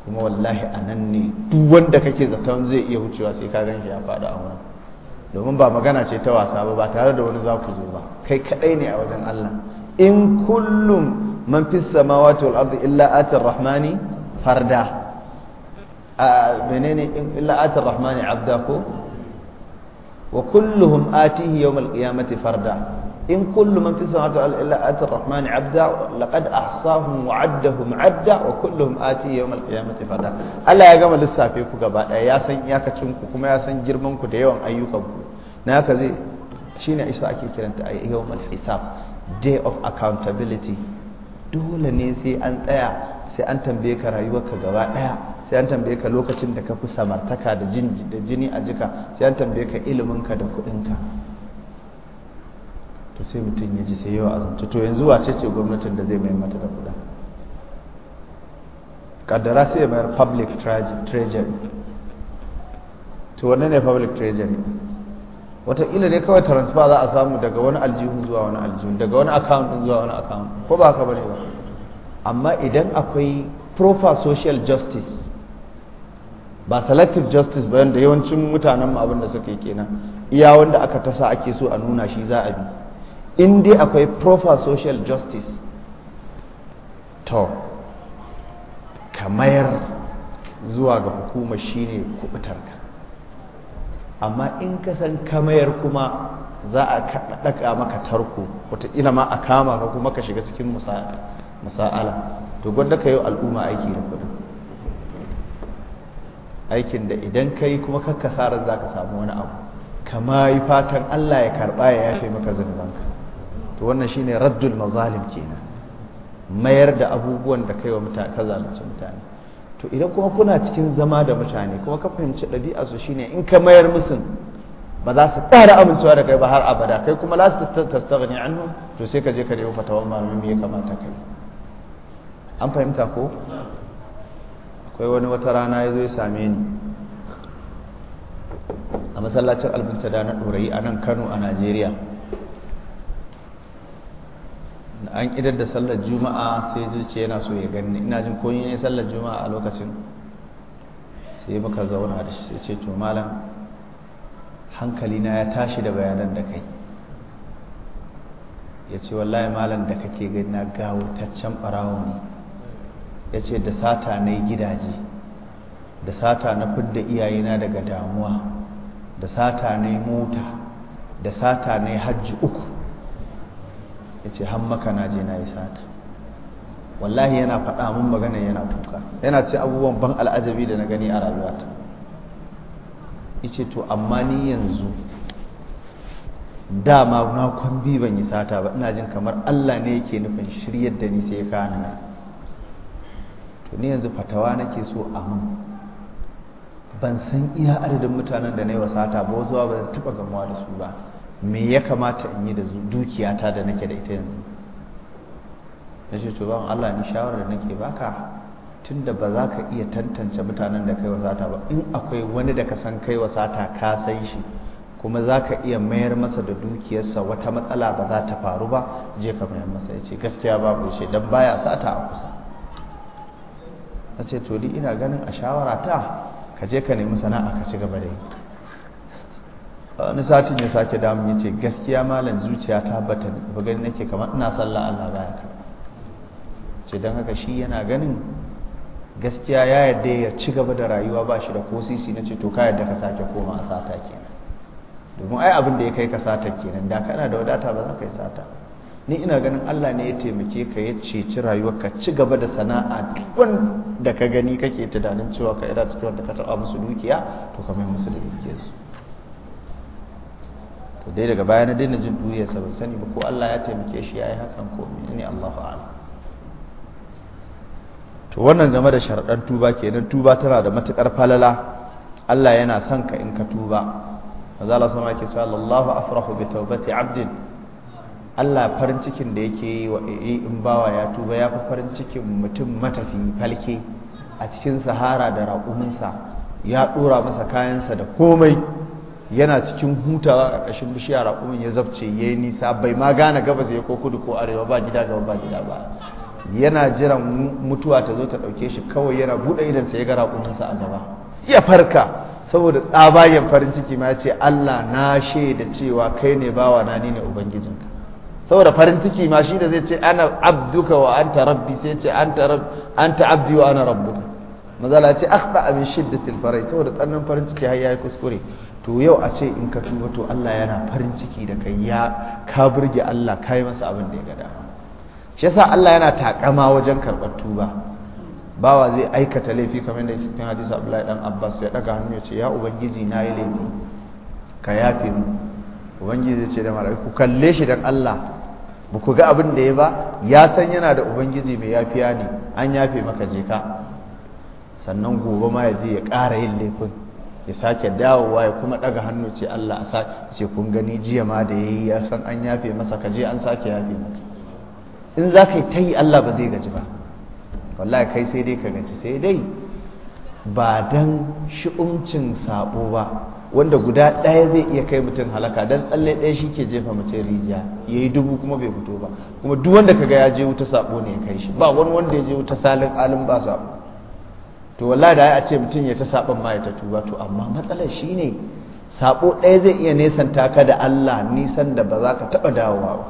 kuma wallahi a nan ne duk wanda kake zaton zai iya wucewa sai ka gan shi ya faɗi a wurin domin ba magana ce ta wasa ba ba tare da wani za ku zo ba kai kaɗai ne a wajen Allah in kullum man fi samawati wal ardi illa atir rahmani farda a menene illa atir rahmani abda ko wa kulluhum atihi yawm al qiyamati farda in kullum man fi samawati wal illa ati rahman abda laqad ahsahum wa addahum adda wa kulluhum ati yawm al qiyamati fada Allah ya gama lissafi ku gaba daya ya san iyakacin ku kuma ya san girman ku da yawan ayyukan ku na haka zai shine isa ake kiranta a yawm al hisab day of accountability dole ne sai an tsaya sai an tambaye ka rayuwarka gaba daya sai an tambaye ka lokacin da ka fi samartaka da jini a jika sai an tambaye ka iliminka da kuɗinka to sai mutum ya ji sai yawa azanta to yanzu wace ce gwamnatin da zai mai mata da kuɗa kaddara sai ya bayar public treasury to wanne ne public treasury wataƙila ne kawai transfer za a samu daga wani aljihu zuwa wani aljihu daga wani account zuwa wani account ko ba haka bane ba amma idan akwai proper social justice ba selective justice ba yanda yawancin mutanen abin da suka yi kenan iya wanda aka tasa ake so a nuna shi za a bi in dai akwai proper social justice to mayar zuwa ga hukuma shine kubutarka amma in ka san kamayar kuma za a ɗaɗɗaka maka tarko wataƙila ma a kama ka kuma ka shiga cikin musa'ala to gwanda ka yi al'umma aiki da kudin aikin da idan ka yi kuma kakkasarar za ka samu wani abu kama yi fatan allah ya karɓa ya yafe maka zunubanka to wannan shine raddul mazalim kenan mayar da abubuwan da kai wa mutane ka zalunci mutane to idan kuma kuna cikin zama da mutane kuma ka fahimci ɗabi'a su shine in ka mayar musu ba za su tsara amincewa da kai ba har abada kai kuma la su tastaghni anhu to sai ka je ka nemi fatawa malamin me ya kamata kai an fahimta ko akwai wani wata rana ya ya same ni a masallacin albinta da na ɗorayi a nan kano a najeriya an idar da sallar juma'a sai zuciya yana so ya gani ina jin koyi ne sallar juma'a a lokacin sai muka zauna da shi ce to malam Hankali na ya tashi da bayanan da kai ya ce wallahi malam da kake gani na gawo taccen ɓarawo ne ya ce da sata na gidaje da sata na fidda iyayena daga damuwa da sata na mota da sata na hajji uku ya ce hammaka na je na yi sata wallahi yana faɗa mun magana yana tuka yana ce abubuwan ban al'ajabi da na gani a rayuwata ya ce to amma ni yanzu dama na kwambi ban yi sata ba ina jin kamar allah ne yake nufin shiryar da ni sai ka na to ni yanzu fatawa nake so a mun ban san iya adadin mutanen da na yi wasata ba wasu ba zan taɓa gamuwa da su ba me ya kamata in yi da dukiyata da nake da ita yanzu na ce to Allah ni shawarar da nake baka da ba za ka iya tantance mutanen da kai wasata ba in akwai wani da ka san kai wasata ka san shi kuma za ka iya mayar masa da dukiyarsa wata matsala ba za ta faru ba je ka mayar masa ya ce gaskiya babu shi don baya sata a kusa na ce to ina ganin a shawara ta ka je ka nemi sana'a ka ci gaba da yi wani satin ya sake damu ya ce gaskiya malam zuciya ta bata ne ba gani nake kamar ina sallah Allah baya ka ce don haka shi yana ganin gaskiya ya yarda ya ci gaba da rayuwa ba shi da ko sisi na ce to ka yarda ka sake koma a sata kenan domin ai abin da ya kai ka sata kenan da kana da wadata ba za ka yi sata ni ina ganin Allah ne ya taimake ka ya ceci rayuwar ka ci gaba da sana'a duk wanda ka gani kake tunanin cewa ka ira cikin wanda ka taɓa musu dukiya to ka mai musu da dukiyarsu to dai daga baya na daina jin duniyarsa ban sani ba ko Allah ya taimake shi yayi hakan ko menene Allahu to wannan game da sharadan tuba kenan tuba tana da matukar falala Allah yana son ka in ka tuba maza Allah sama yake cewa Allahu afrahu bi taubati abdin Allah farin cikin da yake yi wa in bawa ya tuba ya fi farin cikin mutum matafi falke a cikin sahara da raƙuminsa ya ɗora masa kayansa da komai yana cikin hutawa a ƙashin bishiya raƙumin ya zafce ya yi nisa bai ma gane gabas ya ko kudu ko arewa ba gida gaba ba gida ba yana jiran mutuwa ta zo ta ɗauke shi kawai yana buɗe idansa ya ga raƙuminsa a gaba ya farka saboda tsabayen farin ciki ma ce Allah na shaida cewa kai ne bawa na ni ne ubangijinka saboda farin ciki ma shi da zai ce ana abduka wa anta rabbi sai ce anta ta anta abdi wa ana rabbuka mazala ce akhta min shiddatil farai saboda tsannan farin ciki har yayi kuskure to yau a ce in ka tuba to Allah yana farin ciki da kai ya ka burge Allah ka yi masa abin da ya gada. dama shi yasa Allah yana takama wajen karɓar tuba bawa zai aikata laifi kamar da cikin hadisi Abdullahi dan Abbas ya daga hannu ya ce ya ubangiji na yi laifi ka yafe mu ubangiji zai ce da mara ku kalle shi dan Allah ba ku ga abin da ya ba ya san yana da ubangiji mai yafiya ne an yafe maka je ka sannan gobe ma ya je ya ƙara yin laifin ya sake dawowa ya kuma daga hannu ce Allah a sake ce kun gani jiya ma da yayi ya san an yafe masa ka je an sake yafe maka in za ka yi ta yi Allah ba zai gaji ba wallahi kai sai dai ka gaji sai dai ba dan shi'umcin sabo ba wanda guda ɗaya zai iya kai mutum halaka dan tsalle ɗaya shi ke jefa mace rijiya ya yi dubu kuma bai fito ba kuma duk wanda ka ga ya je wuta sabo ne ya kai shi ba wani wanda ya je wuta salin alin ba sabo to wallahi da a ce mutum ya ta saban ma ya ta tuba to amma matsalar shine sabo ɗaya zai iya nesanta ka da Allah nisan da ba za ka taɓa dawowa ba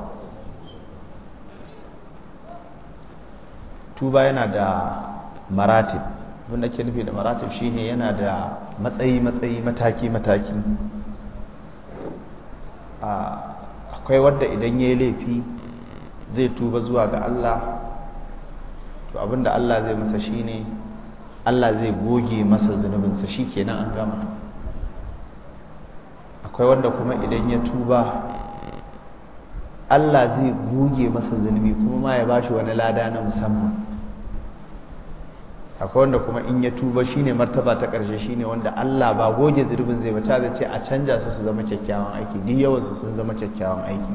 tuba yana da maratib abin da ke nufi da maratib shine yana da matsayi matsayi mataki mataki akwai wadda idan ya yi laifi zai tuba zuwa ga Allah to abin da Allah zai masa shine ne Allah zai goge masa zunubinsa shi kenan an gama akwai wanda kuma idan ya tuba Allah zai goge masa zunubi kuma ma ya bashi wani lada na musamman akwai wanda kuma in ya tuba shi ne martaba ta ƙarshe shine wanda Allah ba goge zunubin zai bata zai ce a canja su su zama kyakkyawan aiki duk yawan sun zama kyakkyawan aiki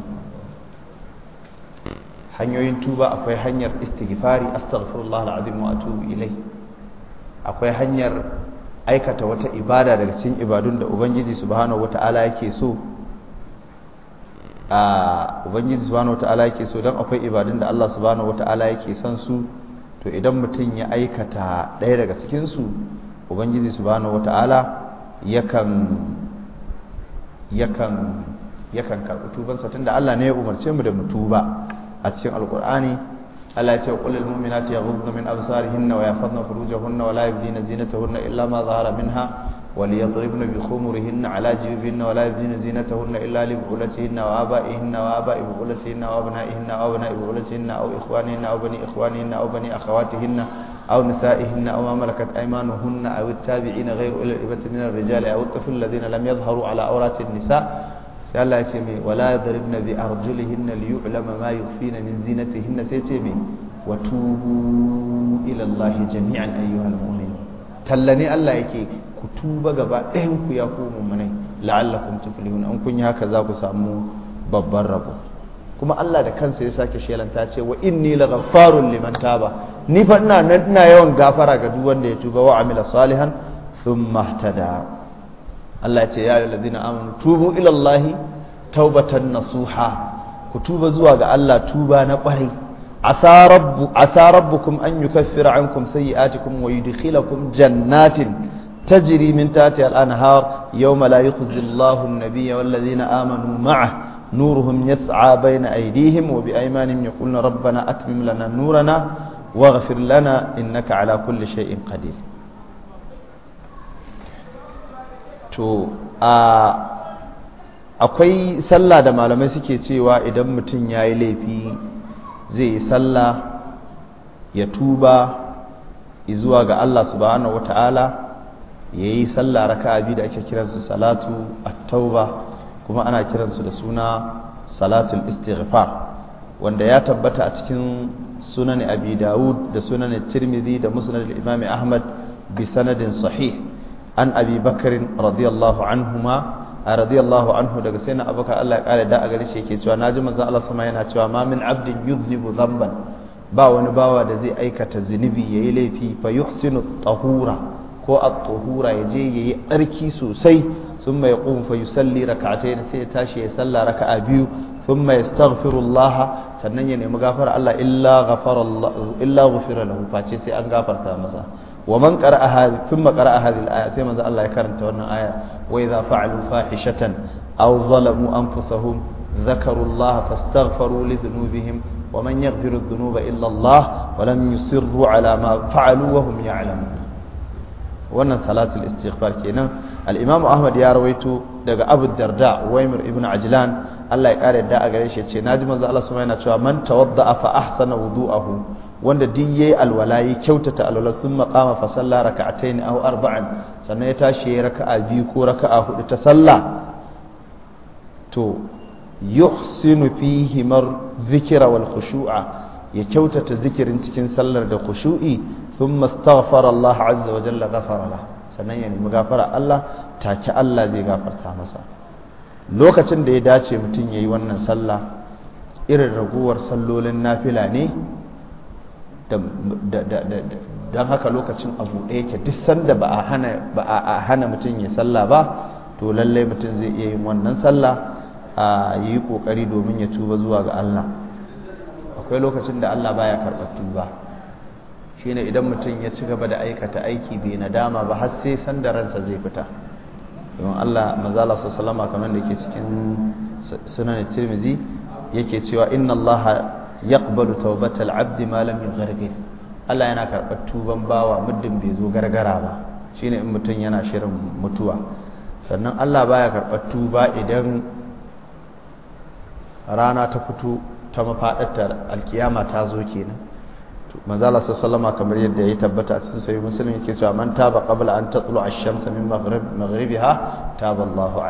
hanyoyin tuba akwai hanyar istighfari astaghfirullah alazim wa atubu ilai. akwai hanyar aikata wata ibada daga cikin ibadun da ubangiji subhanahu wata'ala yake so a ubangiji subhanahu wata'ala yake so don akwai ibadun da Allah subhanahu wata'ala yake son su to idan mutum ya aikata ɗaya daga cikinsu su ubangiji subhanahu wata'ala yakan yakan karɓi tubansa da Allah ne ya umarce mu da mu tuba a cikin alkur'ani ألا تقول المؤمنات يغضن من أبصارهن ويحفظن فروجهن ولا يبدين زينتهن إلا ما ظهر منها وليضربن بخمرهن على جيوبهن ولا يبدين زينتهن إلا لبعولتهن وآبائهن وآباء بعولتهن وأبنائهن وأبناء بعولتهن أو إخوانهن أو بني إخوانهن أو بني أخواتهن أو نسائهن أو ما ملكت أيمانهن أو التابعين غير إلى أولي من الرجال أو الطفل الذين لم يظهروا على عورات النساء sai Allah ya ce mai wala ya na bi liyu ulama ma fi na min hinna sai ce mai wato ilallahi ila Allah jami'an ayyuhal talla ne Allah yake ku tuba gaba ɗayan ku ya ku mu'minai la'allakum tuflihun an kun yi haka za ku samu babban rabo kuma Allah da kansa ya sake shelanta ce wa inni farun liman taba ni fa ina yawan gafara ga duk wanda ya tuba wa amila salihan thumma ihtada Allah ya ce ya ayyuhallazina amanu tubu ila Allah taubatan nasuha ku tuba zuwa ga Allah tuba na kwarai asa rabbu asa rabbukum an yukaffira ankum sayyi'atikum wa yudkhilakum jannatin tajri min tahtiha al-anhar yawma la yukhzi Allahu an-nabiyya wal ladzina amanu ma'ahu نورهم يسعى بين أيديهم وبأيمانهم يقولون ربنا أتمم لنا نورنا واغفر لنا إنك على كل شيء قدير to a akwai sallah da malamai suke cewa idan mutum ya yi laifi zai yi sallah ya tuba izuwa ga Allah subhanahu wata'ala ya yi sallah raka abi da ake kiransu salatu at-tauba kuma ana kiransu da suna salatul istighfar wanda ya tabbata a cikin sunan abi dawud da sunan tirmidhi da musnad imami ahmad bi sanadin sahih an abi bakarin radiyallahu anhuma a radiyallahu anhu daga sai na abokan Allah ya kare da a gare shi yake cewa naji manzon Allah sama yana cewa ma min abdin yuznibu dhanban ba wani bawa da zai aikata zunubi yayi laifi fa yuhsinu tahura ko a tahura ya je yayi tsarki sosai thumma yaqum fa yusalli rak'atayn sai ya tashi ya salla raka'a biyu thumma yastaghfirullah sannan ya nemi gafara Allah illa ghafara illa ghufira lahu face sai an gafarta masa wa man qara'a hadhi thumma qara'a hadhihi al-aya sai manzo Allah ya karanta wannan aya wa idza fa'alu fahishatan aw zalamu anfusahum dhakaru Allah fastaghfaru li dhunubihim wa man yaghfiru dhunuba illa Allah wa lam yusirru ala ma fa'alu wa hum ya'lamun wannan salatul istighfar kenan al-Imam Ahmad ya rawaito daga Abu Darda Waimir ibn Ajlan Allah ya kare da a gare shi ya ce naji manzo Allah subhanahu yana cewa man tawadda fa ahsana wudu'ahu wanda duk yi alwala ya kyautata alwala sun maƙama fa a raka'atayn aw arba'in, sannan ya tashi ya a biyu ko raka a hudu ta sallah to yuhsinu fi himar zikira wal khushu'a ya kyautata zikirin cikin sallar da khushu'i sun astaghfara Allah azza wa jalla ghafara sannan ya nemi gafara Allah take Allah zai gafarta masa lokacin da ya dace mutum ya yi wannan sallah irin raguwar sallolin nafila ne don haka lokacin abu ɗaya ke, duk sanda ba a hana mutum ya sallah ba to lallai mutum zai iya yin wannan sallah a yi ƙoƙari domin ya tuba zuwa ga Allah akwai lokacin da Allah baya karɓar tuba ne idan mutum ya ci gaba da aikata aiki bai na dama ba har sai sanda ransa zai fita domin Allah manzala sallama kamar da ke cikin sunan tirmizi yake cewa inna Allah yaqbalu tawbatal abdi ma lam Allah yana karɓar tuban bawa muddin bai zo gargara ba shine in mutum yana shirin mutuwa sannan Allah baya karɓar tuba idan rana ta fito ta mafaɗarta alkiyama ta zo kenan manzala sallama kamar yadda ya tabbata a cikin musulmi yake cewa man taba qabla an tatlu ash-shams min maghribiha taba Allahu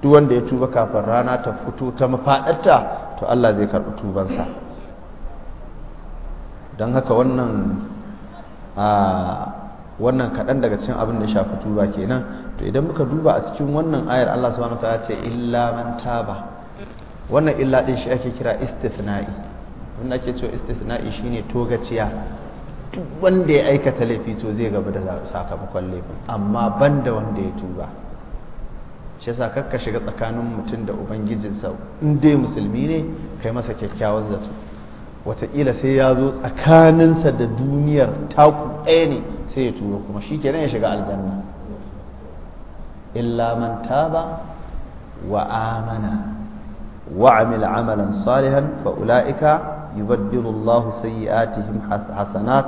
duk wanda ya tuba kafin rana ta fito ta mafaɗarta to Allah zai karɓi tubansa don haka wannan wannan kaɗan daga cikin abin da shafi tuba kenan to idan muka duba a cikin wannan ayar Allah subhanahu wataala ce illa man taba wannan illa din shi ake kira istithna'i wanda ake cewa istithna'i shine togaciya duk wanda ya aikata laifi to zai gaba da sakamakon laifin amma banda wanda ya tuba shi yasa kakka shiga tsakanin mutum da ubangijinsa in dai musulmi ne kai masa kyakkyawan zato wataƙila sai ya zo tsakaninsa da duniyar taku ɗaya ne sai ya turo kuma shi kenan ya shiga aljanna illa man taba wa amana wa amila amalan salihan fa ula'ika yubaddilu Allahu sayyi'atihim hasanat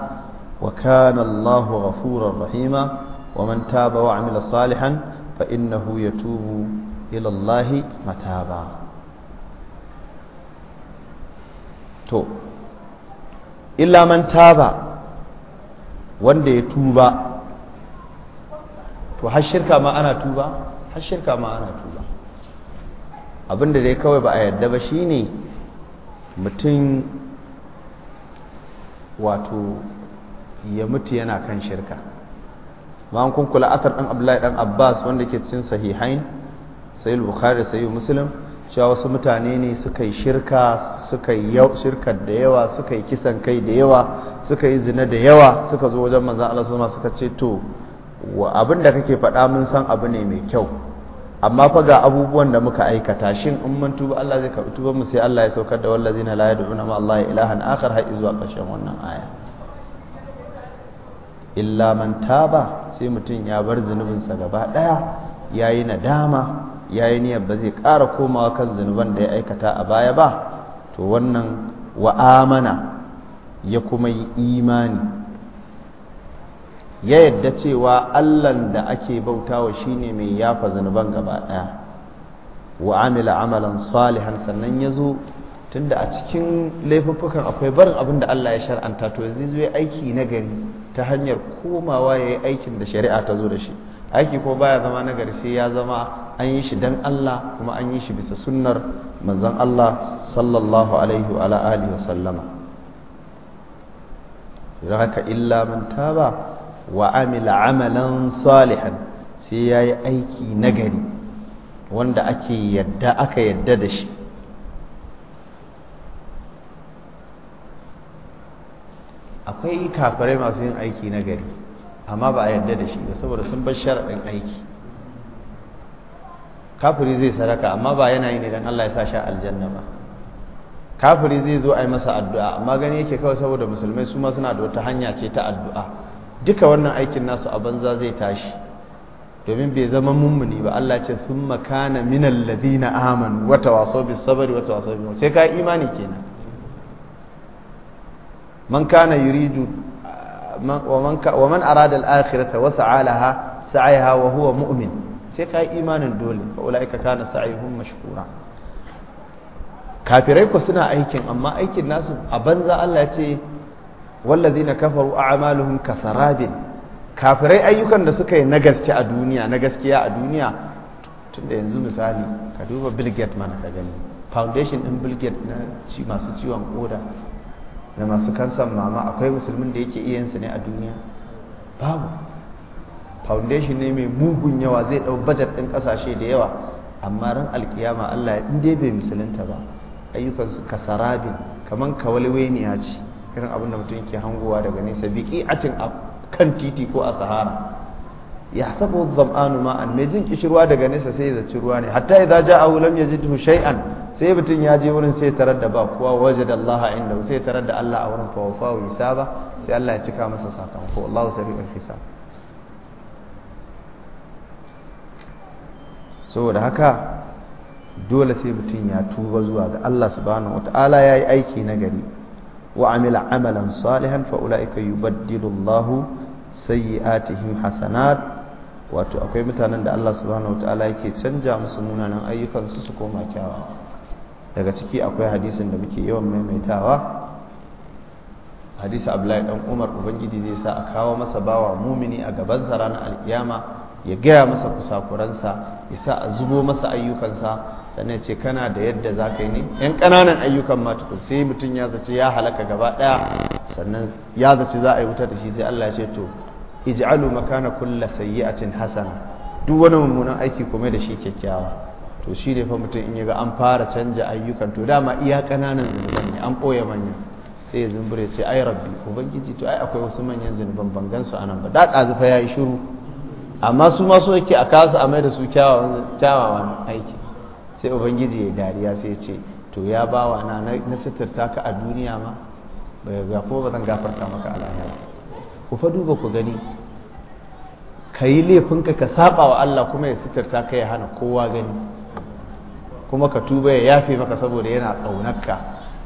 wa kana Allahu ghafurur rahima wa man taba wa amila salihan fa innahu yatubu ila Allah mataba to illa man taba wanda ya tuba to har shirka ma ana tuba har shirka ma ana tuba abinda dai kawai ba a yadda ba shine mutum wato ya mutu yana kan shirka bayan kun kula athar dan Abdullahi dan Abbas wanda ke cikin sahihain sahih Bukhari yi Muslim cewa wasu mutane ne suka yi shirka suka yi shirka da yawa suka yi kisan kai da yawa suka yi zina da yawa suka zo wajen manzan Allah suka ce to wa abin da kake faɗa mun san abu ne mai kyau amma fa ga abubuwan da muka aikata shin in mun tuba Allah zai karɓi tuban mu sai Allah ya saukar da wallazina la yad'una ma Allah ilahan akhar har zuwa ƙarshen wannan aya illa man taba sai mutum ya bar zunubinsa gaba ɗaya yayi nadama ya yi niyyar ba zai ƙara komawa kan zunuban da ya aikata a baya ba to wannan wa'amana ya kuma yi imani ya yadda cewa allan da ake bautawa shine mai yafa zunuban gaba ɗaya wa'amila amalan salihan sannan ya zo tunda a cikin laifuffukan akwai barin abin da Allah ya shar'anta to zai zo aiki na gari ta hanyar komawa ya yi aikin da shari'a ta zo da shi aiki ko baya zama na sai ya zama an yi shi dan Allah kuma an yi shi bisa sunnar manzon Allah sallallahu alaihi wa alihi wa sallama don haka illa manta ba wa amila amalan salihan sai ya yi aiki nagari wanda ake yadda aka yadda da shi akwai kafirai masu yin aiki nagari amma ba a yarda da shi ba saboda sun bar sharaɗin aiki kafiri zai sadaka amma ba yana yi ne don Allah ya sa shi aljanna ba kafiri zai zo a yi masa addu'a amma gani yake kawai saboda musulmai su ma suna da wata hanya ce ta addu'a duka wannan aikin nasu a banza zai tashi domin bai zama mummuni ba Allah ce sun makana minal ladina aman wata waso bi sabari wata waso bis sai ka imani kenan man kana yuridu wa man arada al-akhirata wa sa'alaha sa'ayha wa huwa mu'min sai ka yi imanin dole fa ulaika kana sa'ihum mashkura kafirai ku suna aikin amma aikin nasu a banza Allah ya ce wallazina kafaru a'maluhum kasarabin kafirai ayyukan da suka yi na gaske a duniya na gaskiya a duniya tunda yanzu misali ka duba Bill mana ka gani foundation ɗin Bill Gates na ci masu ciwon ƙoda. da masu kansan mama akwai musulmin da yake iyansu ne a duniya babu foundation ne mai mugun yawa zai ɗau bajet ɗin ƙasashe da yawa amma ran alkiyama allah in dai bai musulunta ba ayyukansu kasarabi kamar kawalweniya ce irin abin da mutum yake hangowa daga nesa biki a kan titi ko a sahara yahsabu sabu dhamanu ma'an mai jin kishirwa daga nesa sai ya zaci ruwa ne hatta idza ya lam yajidhu shay'an sai mutun ya je wurin sai tarar da ba kowa wajada Allah inda sai tarar da Allah a wurin fa hisaba sai Allah ya cika masa sakamako Allahu sari'ul hisab saboda haka dole sai mutum ya tuba zuwa ga Allah subhanahu wata'ala ya yi aiki na gari wa amila amalan salihan fa ula'ika yubaddilu Allahu sayyi'atihim hasanat wato akwai mutanen da Allah subhanahu wataala yake canja musu munanan ayyukansu su koma kyawa daga ciki akwai hadisin da muke yawan maimaitawa hadisi Abdullahi dan Umar ubangiji zai sa a kawo masa bawa mumini a gaban sa ranar alkiyama ya gaya masa kusakuransa ya sa a zubo masa ayyukansa sannan ce kana da yadda za ka yi ne yan ƙananan ayyukan ma tukun sai mutum ya zace ya halaka gaba ɗaya sannan ya zace za a yi wuta da shi sai Allah ya ce to ij'alu makana kulli sayyi'atin hasana duk wani mummunan aiki kuma da shi kyakkyawa to shi ne fa mutum in yaga an fara canja ayyukan to dama iya kananan zunuban ne an boye manya sai ya zumbure sai ai rabbi ubangiji to ai akwai wasu manyan zunuban ban su anan ba da kazu fa yayi shiru amma su ma so yake a kasa a mai da su kyawawan kyawawan aiki sai ubangiji ya dariya sai ya ce to ya bawa na na sitirta ka a duniya ma ba ga ko ba zan gafarta maka a ku fa duba ku gani ka yi laifinka ka saba wa Allah kuma ya sitarta ka ya hana kowa gani kuma ka tuba ya yafe maka saboda yana ƙaunarka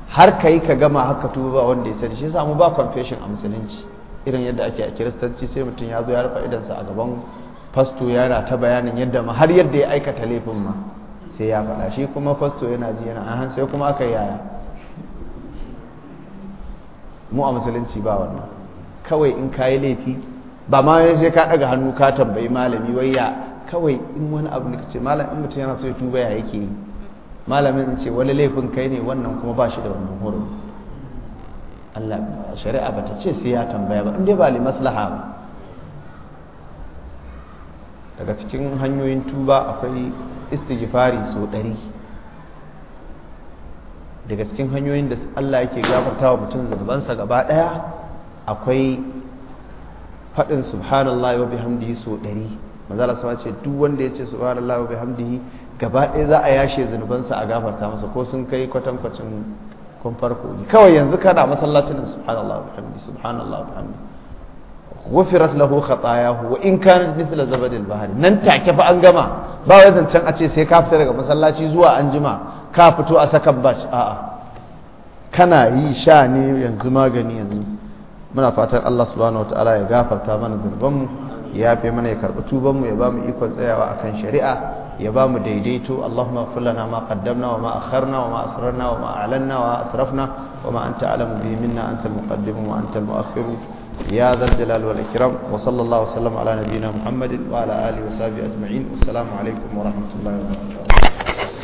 har ka yi ka gama haka tuba ba wanda ya sani shi samu ba confession a musulunci irin yadda ake a kiristanci sai mutum ya zo ya rufa idansa a gaban fasto yana ta bayanin yadda ma har yadda ya aikata laifin ma sai ya faɗa shi kuma fasto yana ji yana an sai kuma aka yaya mu a musulunci ba wannan kawai in kayi laifi ba ma wani sai ka daga hannu ka tambayi malami wai ya kawai in wani abu ne kace malam in mutum yana so ya tuba ya yake yi malamin in ce wani laifin kai ne wannan kuma ba shi da wannan horo Allah shari'a ba ta ce sai ya tambaya ba in dai ba li maslaha ba daga cikin hanyoyin tuba akwai istighfari so ɗari daga cikin hanyoyin da Allah yake gafartawa wa mutum zunubansa gaba ɗaya akwai faɗin subhanallah wa bihamdihi so ɗari mazala sama ce duk wanda ya ce subhanallah wa bihamdihi gaba ɗaya za a yashe zunubansa a gafarta masa ko sun kai kwatankwacin kun farko ne kawai yanzu kana masallacin subhanallah wa bihamdihi subhanallah wa bihamdi ghufirat lahu khatayahu wa in kanat mithla zabadil bahri nan take fa an gama ba wai zancan a ce sai ka fita daga masallaci zuwa anjima ka fito a sakan bash a'a kana yi sha ne yanzu magani yanzu muna fatan Allah subhanahu wataala ya gafarta mana zunubanmu ya yafe mana ya karɓi tubanmu ya ba mu ikon tsayawa akan shari'a ya ba mu daidaito Allahumma ighfir lana ma qaddamna wa ma akharna wa ma asrarna wa ma alanna wa asrafna wa ma anta alamu bihi minna anta al-muqaddim wa anta al-mu'akhir ya dhal jalal wal ikram wa sallallahu wasallam ala nabiyyina Muhammadin wa ala alihi wa sahbihi ajma'in assalamu alaikum wa rahmatullahi wa barakatuh